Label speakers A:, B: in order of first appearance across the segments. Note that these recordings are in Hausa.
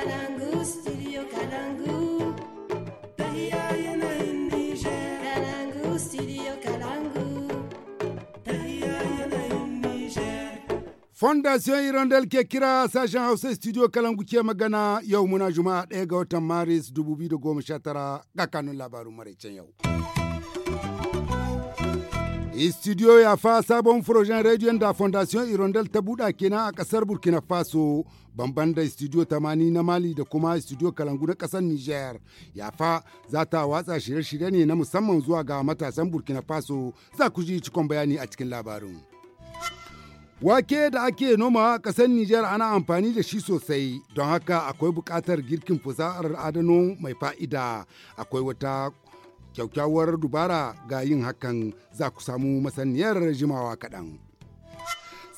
A: Kalangu,
B: Fondation Irondel ke kira sashen Hausa studio Kalangu ke magana yau muna Juma'a ɗaya ga watan Maris 2019 ga kanun labarun maraicen yau. E studio ya fa sabon projet radio da Fondation Irondel ta buɗa kenan a ƙasar Burkina Faso, bamban da studio tamani na Mali da kuma studio Kalangu na ƙasar Niger. Ya fa za ta watsa shirye-shirye ne na musamman zuwa ga matasan Burkina Faso, za ku ji cikon bayani a cikin labarin. Wake da ake noma a ƙasar niger ana amfani da shi sosai, don haka akwai buƙatar girkin fasahar adano mai fa'ida. Akwai wata kyaukyawar dubara ga yin hakan za ku samu masaniyar jimawa kaɗan.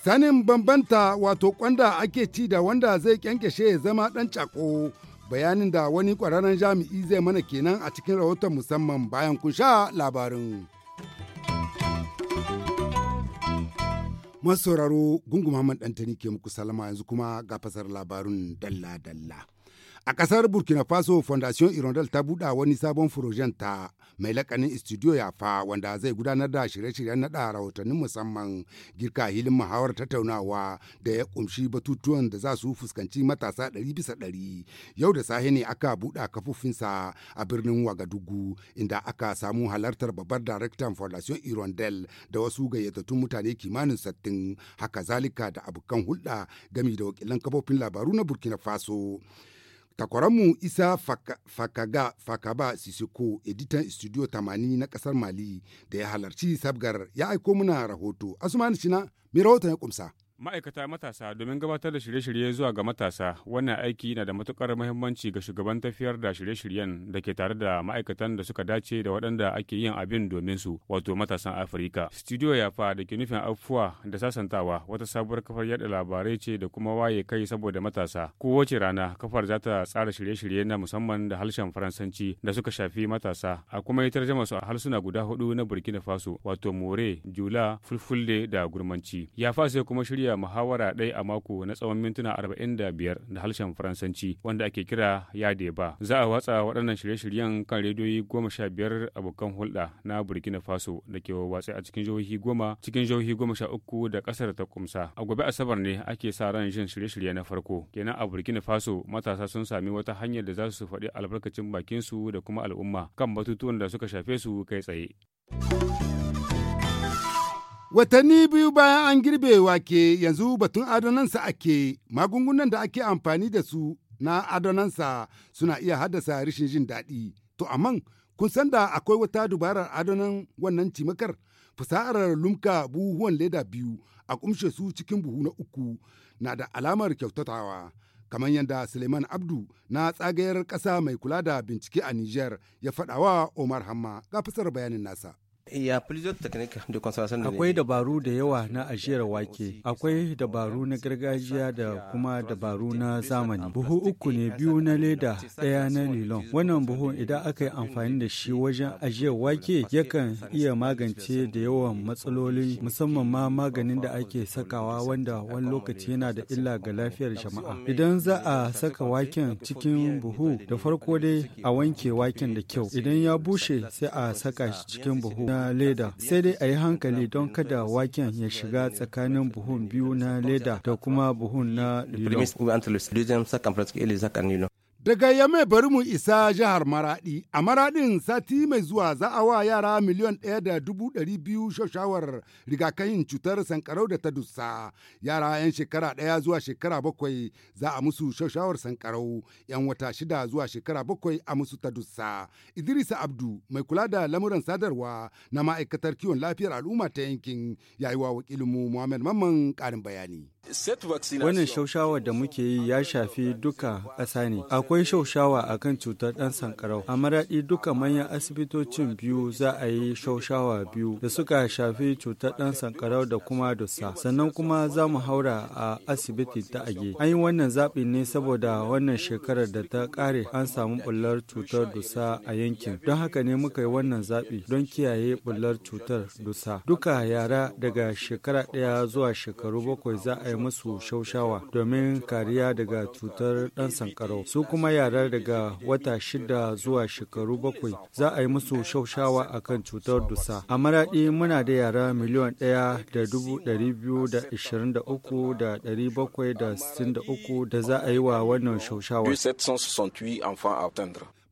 B: Sanin bambanta wato kwanda ake ci da wanda zai kyankyashe ya zama ɗan cako bayanin da wani ƙwararren jami'i zai mana kenan a cikin rahoton musamman bayan kun sha labarin. Masauraro gungun Muhammad Dantani ke muku salama yanzu kuma ga fasar labarun dalla-dalla. A ƙasar Burkina Faso, Fondation Irondel ta buɗa wani sabon furojen ta mai lakanin Studio Yafa wanda zai gudanar da shirye-shiryen naɗa rahotannin musamman girka hilin muhawar tattaunawa da ya ƙumshi batutuwan da za su fuskanci matasa ɗari bisa ɗari. Yau da sahi ne aka buɗa kafofinsa a birnin Wagadugu inda aka samu halartar babbar daraktan Fondation Irondel da wasu gayyatattun mutane kimanin sattin haka zalika da abokan hulɗa gami da wakilan kafofin labaru na Burkina Faso. takwaranmu isa fakaga fakaba sisiko editan studio 80 na kasar mali da ya halarci sabgar ya aiko muna rahoto asumani shina mai rahoton ya kumsa
C: ma'aikata matasa domin gabatar da shirye-shirye zuwa ga matasa wannan aiki yana da matukar muhimmanci ga shugaban tafiyar da shirye-shiryen da ke tare da ma'aikatan da suka dace da waɗanda ake yin abin domin su wato matasan afirka studio yafa da ke nufin afuwa da sasantawa wata sabuwar kafar yada labarai ce da kuma waye kai saboda matasa kowace rana kafar za ta tsara shirye-shirye na musamman da harshen faransanci da suka shafi matasa a kuma yi tarjama su a harsuna guda hudu na burkina faso wato more jula fulfulde da gurmanci yafa sai kuma shirya shirya muhawara ɗaya a mako na tsawon mintuna arba'in da biyar da harshen Faransanci wanda ake kira Yade Ba. Za a watsa waɗannan shirye-shiryen kan rediyoyi goma sha biyar abokan hulɗa na Burkina Faso da ke watsa a cikin jihohi goma cikin jihohi goma sha uku da ƙasar ta kumsa. A gobe Asabar ne ake sa ran jin shirye-shirye na farko. Kenan a Burkina Faso matasa sun sami wata hanyar da za su faɗi albarkacin bakinsu da kuma al'umma kan batutuwan da suka shafe su kai tsaye.
B: Watanni biyu bayan an girbe wake yanzu batun adonansa ake magungunan da ake amfani da su na adonansa suna iya haddasa rashin jin daɗi. To amma kun san da akwai wata dubarar adonan wannan cimakar fasahar lumka buhuwan leda biyu a kumshe su cikin buhu na uku na da alamar kyautatawa. kamar yadda Suleiman Abdu na tsagayar ƙasa mai kula da bincike a Nijar ya faɗawa Omar Hamma ga bayanin nasa.
A: Akwai dabaru da yawa na ajiyar wake, akwai dabaru na gargajiya da kuma dabaru na zamani. Buhu uku ne biyu na leda ɗaya na lilon. Wannan buhu idan aka yi amfani da shi wajen ajiyar wake yakan iya magance da yawan matsaloli musamman ma maganin da ake sakawa wanda wani lokaci yana da illa ga lafiyar jama'a. Idan za a saka waken cikin buhu da farko dai a wanke waken da kyau. Idan ya bushe sai a saka shi cikin buhu na leda sai dai a yi hankali don kada waken ya shiga tsakanin buhun biyu na leda da kuma buhun na lilo
B: Daga Yame bari mu isa jihar Maradi, a Maradin sati mai zuwa za a wa yara miliyan ɗaya da dubu ɗari biyu shashawar rigakafin cutar sankarau da ta dussa. Yara 'yan shekara ɗaya zuwa shekara bakwai za a musu shashawar sankarau, 'yan wata shida zuwa shekara bakwai a musu ta dussa. Idrisa Abdu, mai kula da lamuran sadarwa na ma'aikatar kiwon lafiyar al'umma ta yankin, yayi wa wakilinmu Muhammad Mamman ƙarin bayani. Wannan
A: shaushawa da muke yi ya shafi duka ƙasa ne. Akwai shaushawa a kan cutar ɗan sankarau. A maraɗi duka manyan asibitocin biyu za a yi shaushawa biyu da suka shafi cutar ɗan sankarau da kuma dusa. Sannan kuma za mu haura a asibiti ta age. An yi wannan zaɓi ne saboda wannan shekarar da ta ƙare an samu ɓullar cutar dusa a yankin. Don haka ne muka yi wannan zaɓi don kiyaye ɓullar cutar dusa. Duka yara daga shekara ɗaya zuwa shekaru bakwai za a yi musu shaushawa domin kariya daga cutar ɗan sankarau. Su kuma yara daga wata shida zuwa shekaru bakwai za a yi musu shaushawa akan cutar dusa. A maraɗi muna da yara miliyan ɗaya da dubu ɗari biyu da ishirin da uku da ɗari bakwai da sittin da uku da za a yi wa wannan shaushawa.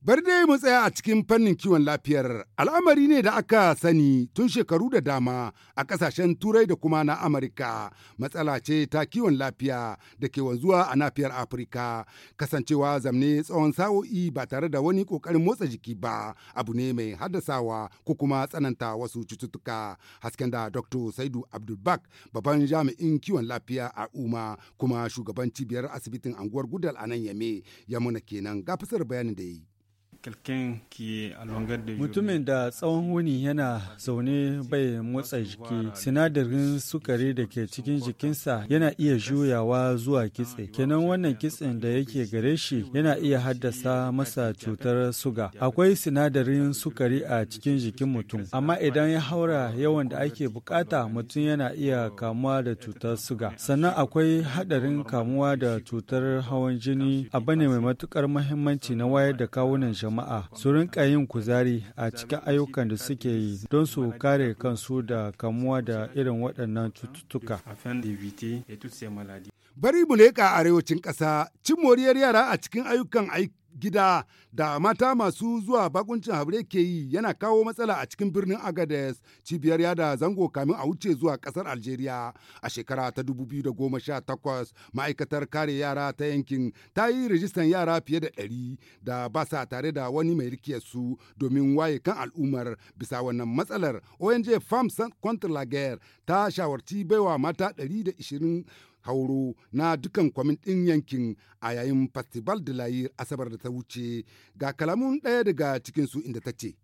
B: Bari dai mu tsaya a cikin fannin kiwon lafiyar al'amari ne da aka sani tun shekaru da dama a ƙasashen Turai da kuma na Amurka matsala ce ta kiwon lafiya da ke wanzuwa a nafiyar Afirka kasancewa zamne tsawon sa'o'i ba tare da wani ƙoƙarin motsa jiki ba abu ne mai haddasawa ko kuma tsananta wasu cututtuka hasken da Dr. Saidu Abdulbak babban jami'in kiwon lafiya a Uma kuma shugaban cibiyar asibitin anguwar Gudal a nan Yame ya muna kenan ga bayanin da yi.
A: Mutumin da tsawon wuni yana zaune bai motsa jiki, sinadarin sukari da ke cikin jikinsa yana iya juyawa zuwa kitse. Kenan wannan kitsen da yake gare shi yana iya haddasa masa cutar suga. Akwai sinadarin sukari a cikin jikin mutum, amma idan ya haura yawan da ake bukata mutum yana iya kamuwa da cutar suga. Sannan akwai haɗarin kamuwa da cutar hawan jini abu ne mai matukar muhimmanci na wayar da kawunan jama'a. jama'a su rinka yin kuzari a cikin ayyukan da suke yi don su kare kansu da kamuwa da irin
B: waɗannan cututtuka. Bari mu leƙa arewacin ƙasa, cin moriyar yara a cikin ayyukan aiki gida da mata masu zuwa bakuncin habre ke yi yana kawo matsala a cikin birnin agades cibiyar yada zango kamin a wuce zuwa kasar algeria a shekara ta 2018 ma'aikatar kare yara ta yankin ta yi rijistan yara fiye da 100 da ba sa tare da wani mai su domin waye kan al'ummar bisa wannan matsalar ong farm contre la guerre ta shawarci baiwa mata 120 hauro na dukan kwamin ɗin yankin a yayin festival da la asabar da ta wuce ga kalamun ɗaya daga cikinsu inda ta ce.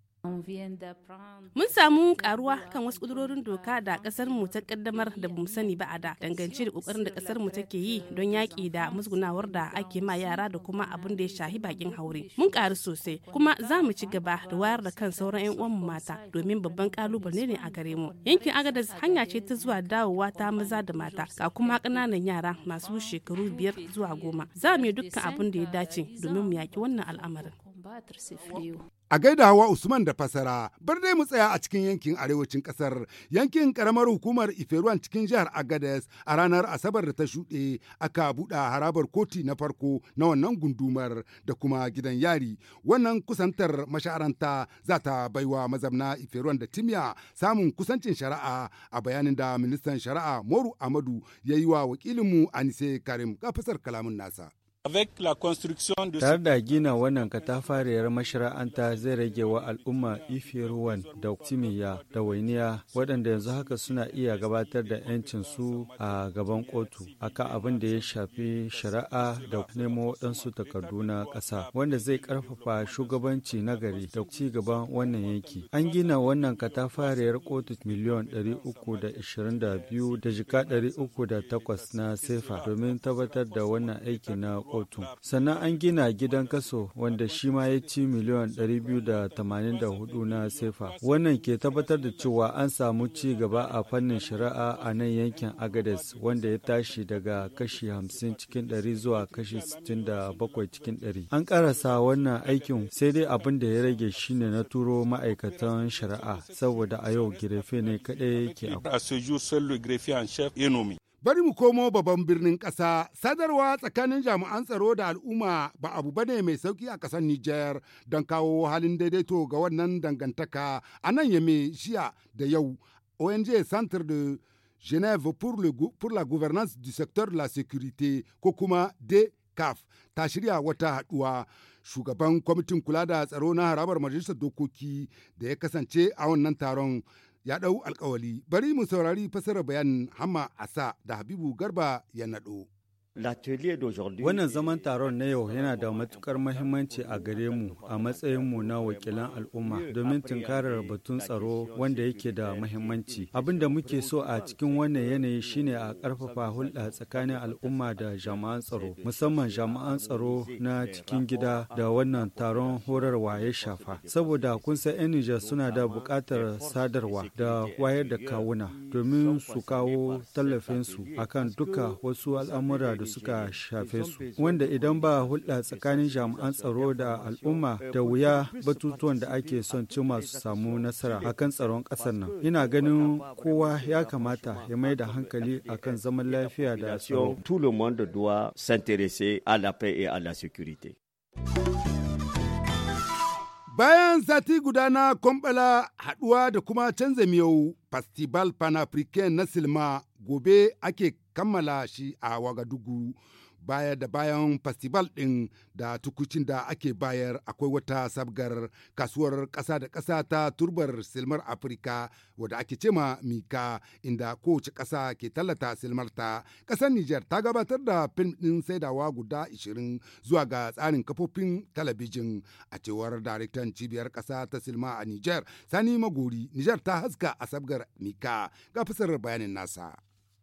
B: Mun samu karuwa kan wasu kudurorin doka da kasar mu ta kaddamar da bamu sani ba a da dangance da kokarin da kasar mu take yi don yaƙi da musgunawar da ake ma yara da kuma abin da ya shahi bakin haure. Mun karu sosai kuma za mu ci gaba da wayar da kan sauran 'yan mu mata domin babban kalubale ne a gare mu. Yankin Agadez hanya ce ta zuwa dawowa ta maza da mata ga kuma ƙananan yara masu shekaru biyar zuwa goma. Za mu yi dukkan abin da ya dace domin mu yaƙi wannan al'amarin. A gaidawa Usman da fasara, bar dai mu tsaya a cikin yankin arewacin ƙasar, yankin ƙaramar hukumar Iferuwan cikin jihar Agadez a ranar Asabar da ta shuɗe aka buɗe harabar koti na farko na wannan gundumar da kuma gidan yari. Wannan kusantar masharanta za ta baiwa mazamna Iferuwan da Timiya samun kusancin shari'a a bayanin da ministan shari'a Moru Amadu ya yi wa wakilinmu Anise Karim ga fasar kalamin nasa.
C: Tare da
A: gina wannan katafariyar mashara'anta zai rage wa al'umma ife ruwan da timiya da wainiya waɗanda yanzu haka suna iya gabatar da 'yancin su a gaban kotu akan abin da ya shafi shari'a da nemo waɗansu takardu na ƙasa wanda zai ƙarfafa shugabanci nagari gari da ci gaban wannan yanki. An gina wannan katafariyar kotu miliyon 322 da jika 308 na sefa domin tabbatar da wannan aiki na Otu. Sannan an gina gidan kaso wanda shi ma ya ci miliyan 284 na sefa. Wannan ke tabbatar da cewa an samu ci gaba a fannin shari'a a nan yankin Agades wanda ya tashi daga kashi 50 cikin 100 zuwa kashi 67 cikin 100. An karasa wannan aikin sai dai abin da ya rage shine na turo ma'aikatan shari'a saboda a yau girefe ne kaɗai ke a.
B: Bari mu komo babban birnin ƙasa, sadarwa tsakanin jami'an tsaro da al'umma ba abu ba ne mai sauki a ƙasar Nijar don kawo halin daidaito ga wannan dangantaka a nan yame jiya da yau. ONG Centre de Genève pour, le, la gouvernance du secteur de la sécurité ko kuma DCAF ta shirya wata haɗuwa. Shugaban kwamitin kula da tsaro na harabar majalisar dokoki da ya kasance a wannan taron ya ɗau alkawali. Bari mu saurari fasara bayanin Hamma Asa da Habibu Garba ya naɗo. Wannan
A: zaman taron na yau yana da matukar mahimmanci a gare mu a mu na wakilan al'umma domin tunkarar batun tsaro wanda yake da mahimmanci. Abin da muke so a cikin wannan yanayi shine a ƙarfafa hulɗa tsakanin al'umma da jama'an tsaro, musamman jama'an tsaro na cikin gida da wannan taron horarwa ya shafa. Saboda kun san 'yan Nijar suna da buƙatar sadarwa da wayar da kawuna domin su kawo tallafinsu akan duka wasu al'amura da suka shafe su wanda idan ba hulɗa tsakanin jami'an tsaro da al'umma da wuya batutuwan da ake son cimma su samu nasara akan tsaron ƙasar nan ina ganin kowa ya kamata ya mai da hankali akan zaman lafiya da tsaro
B: Bayan sati guda na kwambala haɗuwa da kuma canza miyau Festival pan na Silma gobe ake kammala shi a Wagadugu baya da bayan festival ɗin da tukucin da ake bayar akwai wata sabgar kasuwar ƙasa da ƙasa ta turbar silmar afirka wadda ake cema mika inda kowace ƙasa ke tallata silmarta ƙasar niger ta gabatar da fim ɗin saidawa guda 20 zuwa ga tsarin kafofin talabijin a cewar daraktan cibiyar ƙasa ta silma a niger sani magori niger ta haska a sabgar mika ga fasarar bayanin nasa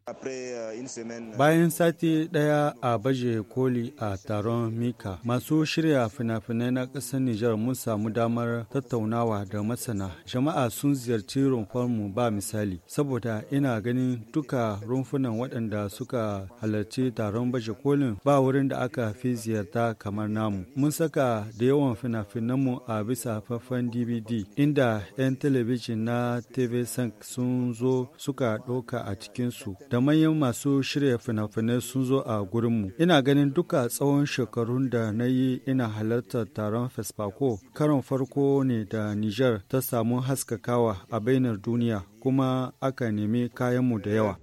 B: Euh, euh, Bayan
A: sati ɗaya a baje koli a taron Mika, masu shirya fina-finai na ƙasar Nijar mun samu damar tattaunawa da masana. Jama'a sun ziyarci rumfarmu ba misali, saboda ina ganin duka rumfunan waɗanda suka halarci taron baje kolin ba wurin da aka fi ziyarta kamar namu. Mun saka da yawan fina-finanmu a bisa faffan DVD, inda 'yan talabijin na TV sun zo suka ɗauka a cikinsu. da manyan masu shirya fina-finai sun zo a gurinmu. Ina ganin duka tsawon shekarun da na yi ina halartar taron Fesfako, karon farko ne da Nijar ta samu haskakawa a bainar duniya kuma aka nemi kayanmu
B: da yawa.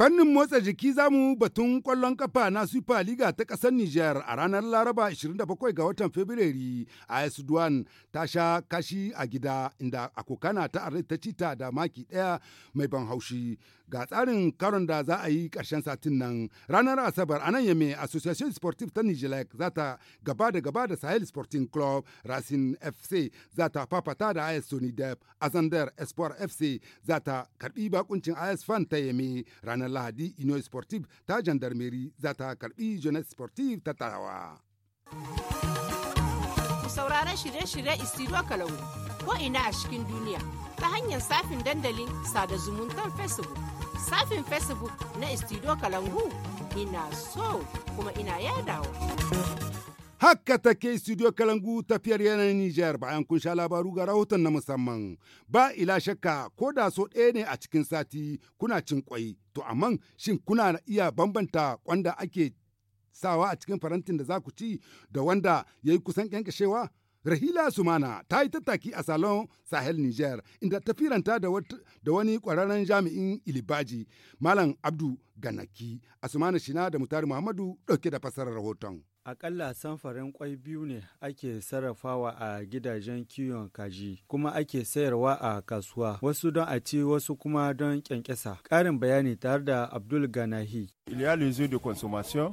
B: Fannin motsa jiki za mu batun kwallon kafa na Super Liga ta ƙasar Nijar a ranar Laraba 27 ga watan Fabrairu a Duwan ta sha kashi a gida inda akokana ta Arlit ta cita da maki ɗaya mai ban haushi. ga tsarin karon da za a yi karshen satin nan ranar asabar anan yame association sportive ta nijilek za ta gaba da gaba da sahel sporting club racing fc za ta fafata da is sonidep azander espoir fc za ta karbi bakuncin is fan ta yame ranar lahadi ino sportive ta jandarmeri za ta karbi jonas sportive ta tarawa. sauraron shirye-shirye istiro kalangu ko ina a cikin duniya ta hanyar safin dandalin sada zumuntar facebook safin facebook na istido kalangu ina so kuma ina yadawa haka take studio kalangu tafiyar yanayin Nijar bayan kun sha labaru ga rahoton na musamman ba ila shakka ko da so ɗaya ne a cikin sati kuna cin kwai to amma shin kuna iya bambanta kwanda ake sawa a cikin farantin da za ku ci da wanda ya yi kusan kyankashewa Rahila Sumana ta yi tattaki a Salon Sahel Niger inda ta firanta da wani kwararren jami'in Ilibaji Malam Abdu Ganaki, Asumana Shina da Mutari Muhammadu ɗauke da fasarar rahoton.
A: Akalla samfarin kwai biyu ne ake sarrafawa a gidajen kiwon kaji, kuma ake sayarwa a kasuwa, wasu don a ci wasu kuma don kyankyasa. Ƙarin bayani tare da Abdul Ganahi.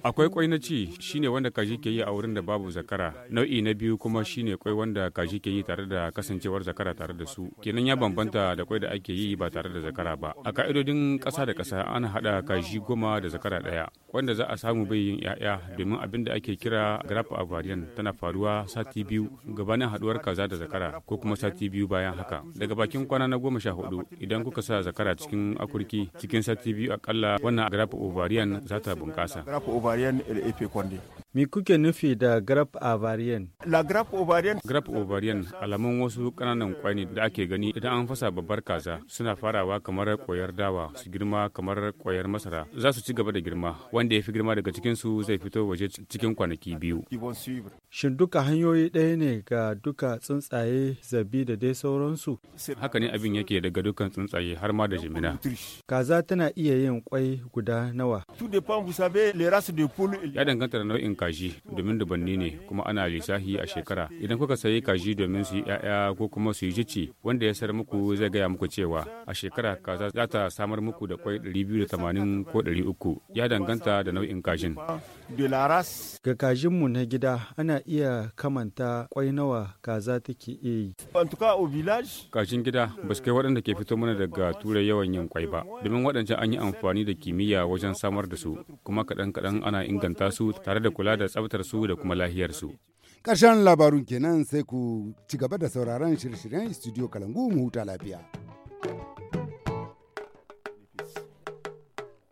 C: Akwai kwai na ci shine wanda kaji ke yi a wurin da babu zakara. Nau'i na biyu kuma shine kwai wanda kaji ke yi tare da kasancewar zakara tare da su. Kenan ya bambanta da kwai da ake yi ba tare da zakara ba. A ka'idodin ƙasa da ƙasa ana haɗa kaji goma da zakara ɗaya, wanda za a samu bai yin 'ya'ya domin abin da ake kira grap avarian tana faruwa sati biyu gabanin haduwar kaza da zakara ko kuma sati biyu bayan haka. Daga bakin kwana na goma sha hudu idan kuka sa zakara cikin akurki cikin sati biyu akalla wannan grap ovarian za ta bunƙasa.
A: mi kuke nufi da grap ovarian?
C: La grap ovarian. Grap ovarian alamun wasu kananan kwai da ake gani idan an fasa babbar kaza suna farawa kamar koyar dawa su girma kamar koyar masara za su ci gaba da girma wanda ya fi girma daga cikinsu zai fito waje cikin kwanaki biyu.
A: Shin duka hanyoyi ɗaya ne ga duka tsuntsaye zabi da dai sauransu?
C: Haka ne abin yake daga dukan tsuntsaye har ma da jimina.
A: Kaza tana iya yin kwai guda nawa.
C: Ya danganta da nau'in kaji domin dubanni ne kuma ana lissafi a shekara. Idan kuka sayi kaji domin su yi 'ya'ya ko kuma su yi jici wanda ya sar muku zai gaya muku cewa a shekara kaza za ta samar muku da kwai tamanin ko 300 ya danganta da nau'in kajin.
A: Ga kajinmu na gida ana iya kamanta kwai nawa kaza take iya yi.
C: Kashin gida ba su kai waɗanda ke fito mana daga turai yawan yin kwai ba. Domin waɗanda an yi amfani da kimiyya wajen samar da su, kuma kaɗan-kaɗan ana inganta su tare da kula da tsaftar su da kuma lahiyar su.
B: Ƙarshen labarun kenan sai ku ci gaba da sauraron shirye-shiryen Studio Kalangu mu huta lafiya.